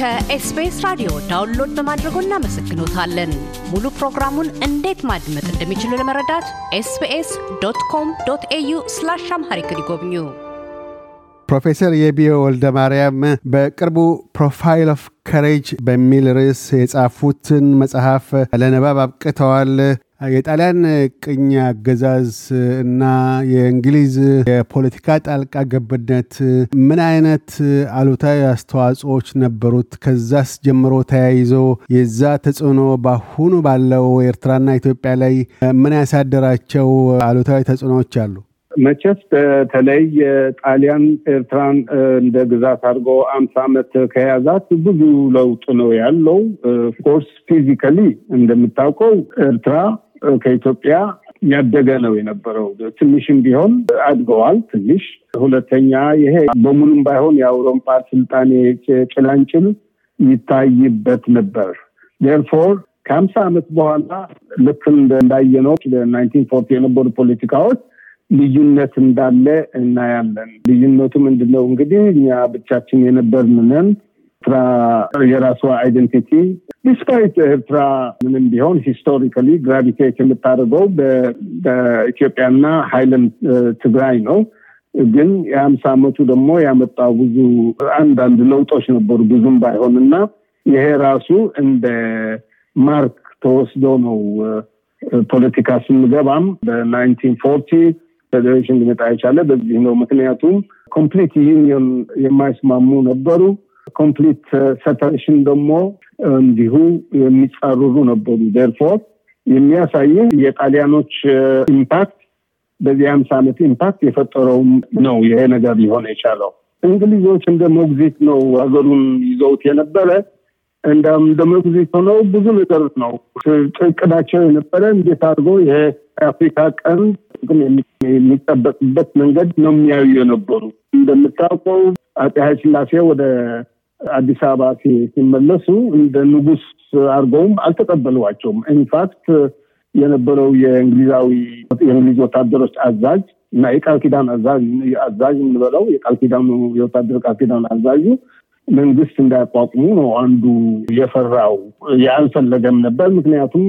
ከኤስቢኤስ ራዲዮ ዳውንሎድ በማድረጎ እናመሰግኖታለን። ሙሉ ፕሮግራሙን እንዴት ማድመጥ እንደሚችሉ ለመረዳት ኤስቢኤስ ዶት ኮም ዶት ኤዩ ስላሽ አምሃሪክ ይጎብኙ። ፕሮፌሰር የቢዮ ወልደ ማርያም በቅርቡ ፕሮፋይል ኦፍ ከሬጅ በሚል ርዕስ የጻፉትን መጽሐፍ ለንባብ አብቅተዋል። የጣሊያን ቅኝ አገዛዝ እና የእንግሊዝ የፖለቲካ ጣልቃ ገብነት ምን አይነት አሉታዊ አስተዋጽኦዎች ነበሩት? ከዛስ ጀምሮ ተያይዞ የዛ ተጽዕኖ በአሁኑ ባለው ኤርትራና ኢትዮጵያ ላይ ምን ያሳደራቸው አሉታዊ ተጽዕኖዎች አሉ? መቼስ በተለይ የጣሊያን ኤርትራን እንደ ግዛት አድርጎ አምሳ ዓመት ከያዛት ብዙ ለውጥ ነው ያለው። ኦፍኮርስ ፊዚካሊ እንደምታውቀው ኤርትራ ከኢትዮጵያ ያደገ ነው የነበረው። ትንሽም ቢሆን አድገዋል ትንሽ። ሁለተኛ ይሄ በሙሉም ባይሆን የአውሮፓ ስልጣኔ ጭላንጭል ይታይበት ነበር። ዴርፎር ከሀምሳ ዓመት በኋላ ልክ እንዳየነው ናይንቲን ፎርቲ የነበሩ ፖለቲካዎች ልዩነት እንዳለ እናያለን። ልዩነቱ ምንድነው? እንግዲህ እኛ ብቻችን የነበርንነን ኤርትራ የራሷ አይደንቲቲ ዲስፓይት ኤርትራ ምንም ቢሆን ሂስቶሪካሊ ግራቪቴት የምታደርገው በኢትዮጵያና ሀይለንድ ትግራይ ነው። ግን የአምሳ አመቱ ደግሞ ያመጣው ብዙ አንዳንድ ለውጦች ነበሩ ብዙም ባይሆን እና ይሄ ራሱ እንደ ማርክ ተወስዶ ነው ፖለቲካ ስንገባም በናይንቲን ፎርቲ ፌዴሬሽን ሊመጣ የቻለ በዚህ ነው። ምክንያቱም ኮምፕሊት ዩኒየን የማይስማሙ ነበሩ። ኮምፕሊት ሰፐሬሽን uh, ደግሞ እንዲሁ የሚጻረሩ ነበሩ። ደርፎር የሚያሳየ የጣሊያኖች ኢምፓክት uh, በዚህ አምሳ ዓመት ኢምፓክት የፈጠረውም ነው ይሄ ነገር ሊሆን የቻለው። እንግሊዞች እንደ ሞግዚት ነው ሀገሩን ይዘውት የነበረ እንደም እንደ ሞግዚት ሆነው ብዙ ነገር ነው እቅዳቸው የነበረ እንዴት አድርጎ ይሄ የአፍሪካ ቀን ጥቅም የሚጠበቅበት መንገድ ነው የሚያዩ የነበሩ። እንደምታውቀው አፄ ኃይለ ወደ አዲስ አበባ ሲመለሱ እንደ ንጉስ አድርገውም አልተቀበሏቸውም። ኢንፋክት የነበረው የእንግሊዛዊ የእንግሊዝ ወታደሮች አዛዥ እና የቃል ኪዳን አዛዥ አዛዥ የምንበለው የቃል ኪዳኑ የወታደር ቃል ኪዳን አዛዡ መንግስት እንዳያቋቁሙ ነው አንዱ የፈራው ያልፈለገም ነበር። ምክንያቱም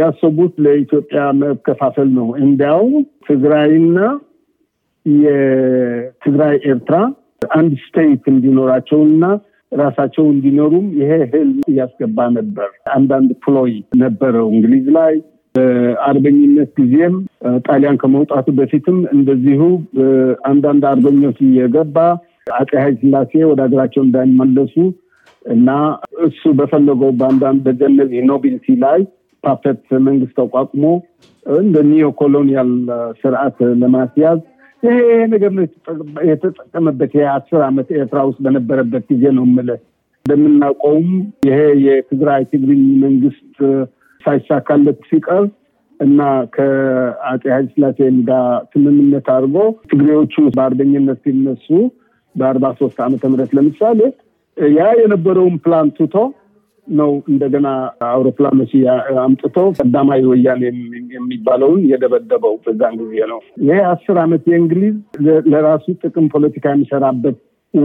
ያሰቡት ለኢትዮጵያ መከፋፈል ነው። እንዲያው ትግራይና የትግራይ ኤርትራ አንድ ስቴት እንዲኖራቸውና ራሳቸው እንዲኖሩም ይሄ ህልም እያስገባ ነበር። አንዳንድ ፕሎይ ነበረው እንግሊዝ ላይ በአርበኝነት ጊዜም ጣሊያን ከመውጣቱ በፊትም እንደዚሁ አንዳንድ አርበኞች እየገባ አፄ ኃይለ ሥላሴ ወደ ሀገራቸው እንዳይመለሱ እና እሱ በፈለገው በአንዳንድ በጀነዚ ኖቢልቲ ላይ ፓፐት መንግስት ተቋቁሞ እንደ ኒዮ ኮሎኒያል ስርዓት ለማስያዝ ይሄ ነገር ነው የተጠቀመበት የአስር ዓመት ኤርትራ ውስጥ በነበረበት ጊዜ ነው ምለ እንደምናውቀውም ይሄ የትግራይ ትግሪኝ መንግስት ሳይሳካለት ሲቀር እና ከአጤ ሀይል ስላሴን ጋር ስምምነት አድርጎ ትግሬዎቹ በአርበኝነት ሲነሱ በአርባ ሶስት ዓመተ ምህረት ለምሳሌ ያ የነበረውን ፕላን ትቶ ነው እንደገና አውሮፕላኖች አምጥቶ ቀዳማዊ ወያኔ የሚባለውን የደበደበው በዛን ጊዜ ነው። ይሄ አስር ዓመት የእንግሊዝ ለራሱ ጥቅም ፖለቲካ የሚሰራበት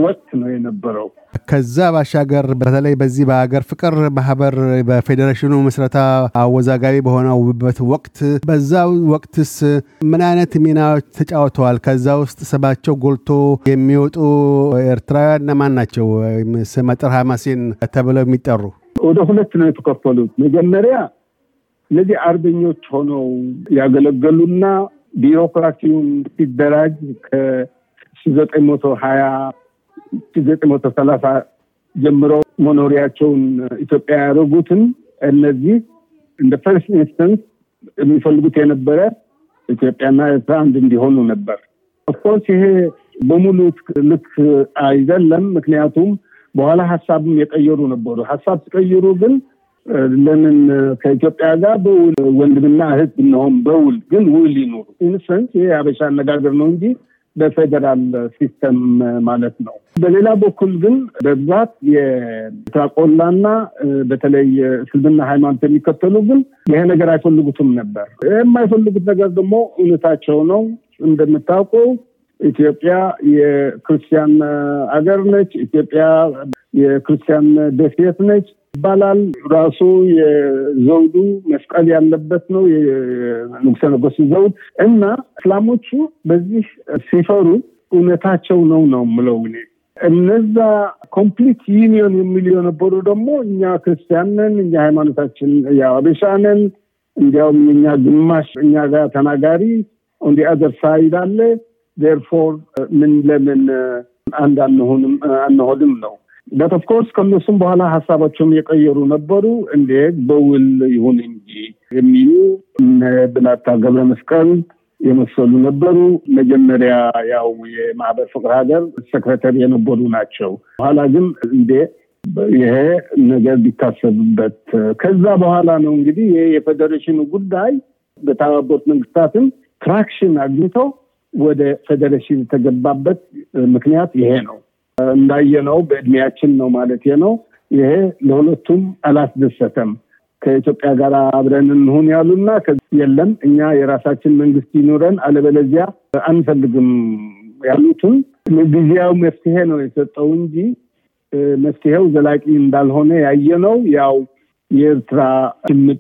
ወቅት ነው የነበረው። ከዛ ባሻገር በተለይ በዚህ በሀገር ፍቅር ማህበር በፌዴሬሽኑ ምስረታ አወዛጋቢ በሆነበት ወቅት በዛ ወቅትስ ምን አይነት ሚናዎች ተጫውተዋል? ከዛ ውስጥ ስማቸው ጎልቶ የሚወጡ ኤርትራውያን እነማን ናቸው? ስመጥር ሀማሴን ተብለው የሚጠሩ ወደ ሁለት ነው የተከፈሉት። መጀመሪያ እነዚህ አርበኞች ሆነው ያገለገሉና ቢሮክራሲውን ሲደራጅ ከ ዘጠኝ መቶ ሀያ ጀምሮ መኖሪያቸውን ኢትዮጵያ ያደረጉትን እነዚህ እንደ ፈርስት ኢንስተንስ የሚፈልጉት የነበረ ኢትዮጵያና ኤርትራ አንድ እንዲሆኑ ነበር። ኦፍኮርስ ይሄ በሙሉ ልክ አይደለም። ምክንያቱም በኋላ ሀሳብም የቀየሩ ነበሩ። ሀሳብ ሲቀይሩ ግን ለምን ከኢትዮጵያ ጋር በውል ወንድምና እህት ብንሆን በውል ግን ውል ይኑሩ። ኢንሰንስ ይሄ የአበሻ አነጋገር ነው እንጂ በፌደራል ሲስተም ማለት ነው። በሌላ በኩል ግን በብዛት የታቆላና በተለይ እስልምና ሃይማኖት የሚከተሉ ግን ይሄ ነገር አይፈልጉትም ነበር። የማይፈልጉት ነገር ደግሞ እውነታቸው ነው። እንደምታውቀው ኢትዮጵያ የክርስቲያን አገር ነች፣ ኢትዮጵያ የክርስቲያን ደሴት ነች ይባላል። ራሱ የዘውዱ መስቀል ያለበት ነው የንጉሰ ነገስቱ ዘውድ እና እስላሞቹ በዚህ ሲፈሩ እውነታቸው ነው ነው የምለው እኔ። እነዛ ኮምፕሊት ዩኒዮን የሚሉ የነበሩ ደግሞ እኛ ክርስቲያን ነን፣ እኛ ሃይማኖታችን የአበሻ ነን፣ እንዲያውም እኛ ግማሽ እኛ ጋር ተናጋሪ እንዲ አዘር ሳይድ አለ ዴርፎር uh, ምን ለምን uh, አንድ አንሆንም uh, አንሆንም ነው በት ኦፍኮርስ ከነሱም በኋላ ሀሳባቸውን የቀየሩ ነበሩ። እንዴ በውል ይሁን እንጂ የሚሉ ብላታ ገብረ መስቀል የመሰሉ ነበሩ። መጀመሪያ ያው የማህበር ፍቅር ሀገር ሰክረተሪ የነበሩ ናቸው። በኋላ ግን እንዴ ይሄ ነገር ቢታሰብበት። ከዛ በኋላ ነው እንግዲህ ይሄ የፌዴሬሽኑ ጉዳይ በተባበሩት መንግስታትም ትራክሽን አግኝተው ወደ ፌዴሬሽን የተገባበት ምክንያት ይሄ ነው። እንዳየነው በእድሜያችን ነው ማለት ነው። ይሄ ለሁለቱም አላስደሰተም። ከኢትዮጵያ ጋር አብረን እንሁን ያሉና የለም እኛ የራሳችን መንግስት ይኑረን አለበለዚያ አንፈልግም ያሉትን ጊዜያዊ መፍትሄ ነው የሰጠው እንጂ መፍትሄው ዘላቂ እንዳልሆነ ያየነው ያው የኤርትራ ሽምጥ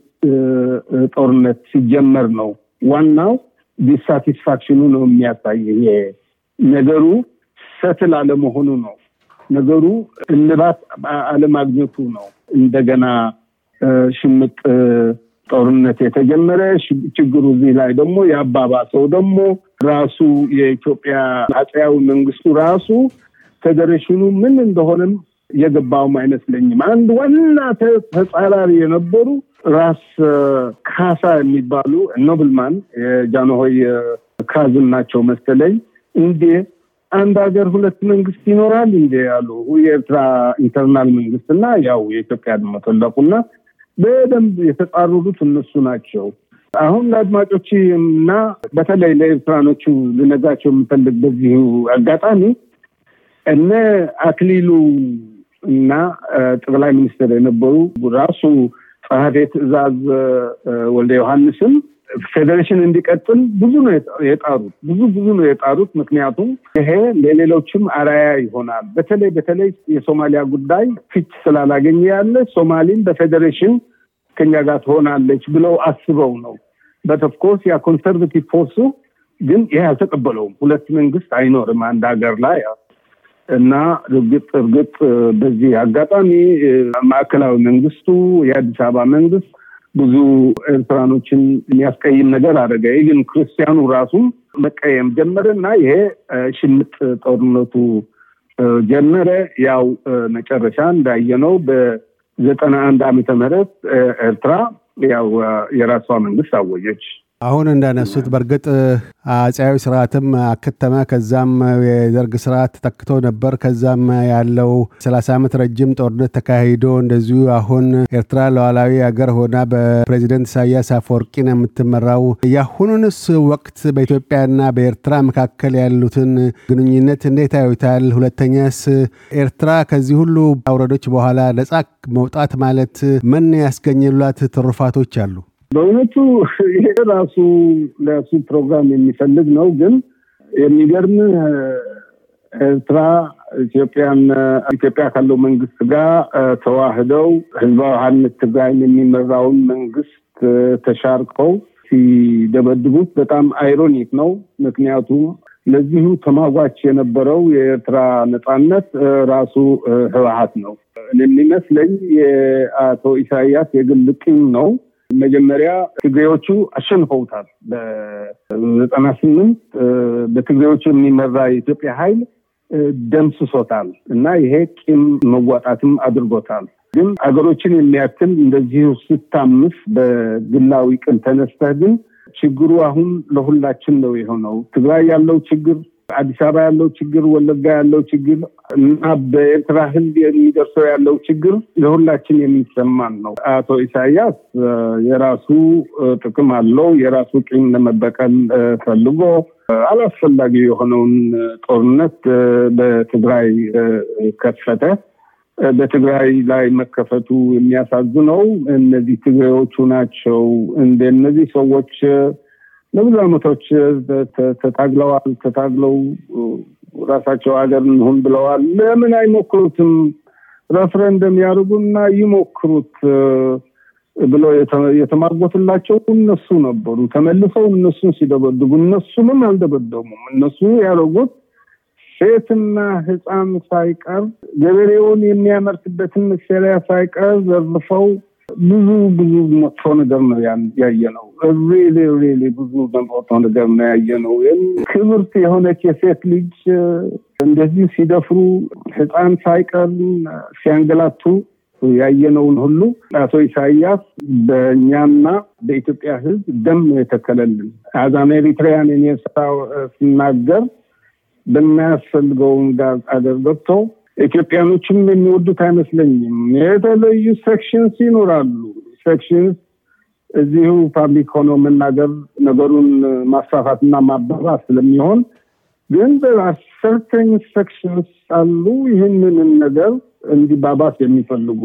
ጦርነት ሲጀመር ነው። ዋናው ዲሳቲስፋክሽኑ ነው የሚያሳይ ይሄ ነገሩ ሰትል አለመሆኑ ነው ነገሩ እልባት አለማግኘቱ ነው እንደገና ሽምጥ ጦርነት የተጀመረ ችግሩ እዚህ ላይ ደግሞ የአባባሰው ደግሞ ራሱ የኢትዮጵያ አጥያዊ መንግስቱ ራሱ ፌዴሬሽኑ ምን እንደሆነም የገባውም አይመስለኝም። አንድ ዋና ተጻራሪ የነበሩ ራስ ካሳ የሚባሉ ኖብልማን የጃንሆይ ካዝን ናቸው መሰለኝ እንዴ አንድ ሀገር ሁለት መንግስት ይኖራል እንዴ ያሉ የኤርትራ ኢንተርናል መንግስትና ያው የኢትዮጵያ መተለቁና በደንብ የተጻረሩት እነሱ ናቸው። አሁን ለአድማጮች እና በተለይ ለኤርትራኖቹ ልነጋቸው የምፈልግ በዚሁ አጋጣሚ እነ አክሊሉ እና ጠቅላይ ሚኒስትር የነበሩ ራሱ ጸሐፌ ትእዛዝ ወልደ ዮሐንስም ፌዴሬሽን እንዲቀጥል ብዙ ነው የጣሩት። ብዙ ብዙ ነው የጣሩት። ምክንያቱም ይሄ ለሌሎችም አራያ ይሆናል። በተለይ በተለይ የሶማሊያ ጉዳይ ፊት ስላላገኘ ያለ ሶማሊን በፌዴሬሽን ከኛ ጋር ትሆናለች ብለው አስበው ነው። በተፍኮርስ ያ ኮንሰርቬቲቭ ፎርሱ ግን ይሄ አልተቀበለውም። ሁለት መንግስት አይኖርም አንድ ሀገር ላይ እና እርግጥ እርግጥ በዚህ አጋጣሚ ማዕከላዊ መንግስቱ የአዲስ አበባ መንግስት ብዙ ኤርትራኖችን የሚያስቀይም ነገር አደረገ። ግን ክርስቲያኑ ራሱ መቀየም ጀመረ እና ይሄ ሽምጥ ጦርነቱ ጀመረ። ያው መጨረሻ እንዳየነው በዘጠና አንድ ዓመተ ምህረት ኤርትራ ያው የራሷ መንግስት አወጀች። አሁን እንዳነሱት በእርግጥ አጼያዊ ስርዓትም አከተመ። ከዛም የደርግ ስርዓት ተክቶ ነበር። ከዛም ያለው ሰላሳ ዓመት ረጅም ጦርነት ተካሂዶ እንደዚሁ አሁን ኤርትራ ሉዓላዊ አገር ሆና በፕሬዚደንት ኢሳያስ ነው የምትመራው የአሁኑንስ ወቅት በኢትዮጵያና በኤርትራ መካከል ያሉትን ግንኙነት እንዴት ያዩታል? ሁለተኛስ ኤርትራ ከዚህ ሁሉ አውረዶች በኋላ ነጻ መውጣት ማለት ምን ያስገኝላት ትሩፋቶች አሉ? በእውነቱ ይሄ ራሱ ለሱ ፕሮግራም የሚፈልግ ነው። ግን የሚገርም ኤርትራ ኢትዮጵያን ኢትዮጵያ ካለው መንግስት ጋር ተዋህደው ህዝባዊ ትግራይን የሚመራውን መንግስት ተሻርቀው ሲደበድቡት በጣም አይሮኒክ ነው። ምክንያቱም ለዚሁ ተማጓች የነበረው የኤርትራ ነፃነት ራሱ ህወሀት ነው። የሚመስለኝ የአቶ ኢሳያስ የግል ቂም ነው። መጀመሪያ ትግሬዎቹ አሸንፈውታል። በዘጠና ስምንት በትግሬዎቹ የሚመራ የኢትዮጵያ ኃይል ደምስሶታል እና ይሄ ቂም መዋጣትም አድርጎታል። ግን አገሮችን የሚያክል እንደዚሁ ስታምስ በግላዊ ቅን ተነስተህ ግን ችግሩ አሁን ለሁላችን ነው የሆነው። ትግራይ ያለው ችግር አዲስ አበባ ያለው ችግር፣ ወለጋ ያለው ችግር እና በኤርትራ ሕዝብ የሚደርሰው ያለው ችግር ለሁላችን የሚሰማን ነው። አቶ ኢሳያስ የራሱ ጥቅም አለው። የራሱ ቂም ለመበቀል ፈልጎ አላስፈላጊ የሆነውን ጦርነት በትግራይ ከፈተ። በትግራይ ላይ መከፈቱ የሚያሳዝነው እነዚህ ትግራዮቹ ናቸው። እንደነዚህ ሰዎች ለብዙ ዓመቶች ተታግለዋል። ተታግለው ራሳቸው ሀገር እንሁን ብለዋል። ለምን አይሞክሩትም? ረፍረንደም ያደርጉና ይሞክሩት ብሎ የተማጎትላቸው እነሱ ነበሩ። ተመልሰው እነሱን ሲደበድቡ እነሱንም አልደበደሙም። እነሱ ያደረጉት ሴትና ሕፃን ሳይቀር ገበሬውን የሚያመርትበትን መሳሪያ ሳይቀር ዘርፈው ብዙ ብዙ መጥፎ ነገር ነው ያየ ነው። ሪሊ ሪሊ ብዙ መጥፎ ነገር ነው ያየ ነው። ክብርት የሆነች የሴት ልጅ እንደዚህ ሲደፍሩ ህፃን ሳይቀር ሲያንገላቱ ያየነውን ሁሉ አቶ ኢሳያስ በእኛና በኢትዮጵያ ህዝብ ደም ነው የተከለልን። አዝ አሜሪትሪያን እኔ ስናገር በሚያስፈልገውን ጋር አገር ገብተው ኢትዮጵያኖችም የሚወዱት አይመስለኝም። የተለዩ ሴክሽንስ ይኖራሉ። ሴክሽንስ እዚሁ ፓብሊክ ሆኖ መናገር ነገሩን ማስፋፋትና ማባባስ ስለሚሆን ግን በሰርተኝ ሴክሽንስ አሉ ይህንን ነገር እንዲባባስ የሚፈልጉ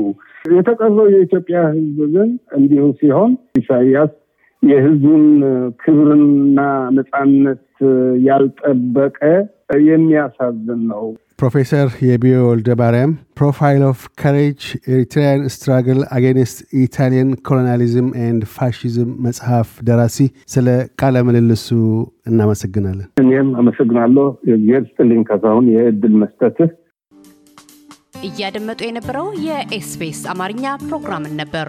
የተቀረው የኢትዮጵያ ህዝብ ግን እንዲሁ ሲሆን ኢሳያስ የህዝቡን ክብርን ነጻነት ያልጠበቀ የሚያሳዝን ነው። ፕሮፌሰር የቢዮ ወልደ ማርያም ፕሮፋይል ኦፍ ካሬጅ ኤሪትሪያን ስትራግል አጌንስት ኢታሊያን ኮሎናሊዝም ኤንድ ፋሽዝም መጽሐፍ ደራሲ፣ ስለ ቃለ ምልልሱ እናመሰግናለን። እኔም አመሰግናለሁ። የእግዜር ስጥልኝ ካሳሁን፣ የእድል መስጠትህ። እያደመጡ የነበረው የኤስፔስ አማርኛ ፕሮግራምን ነበር።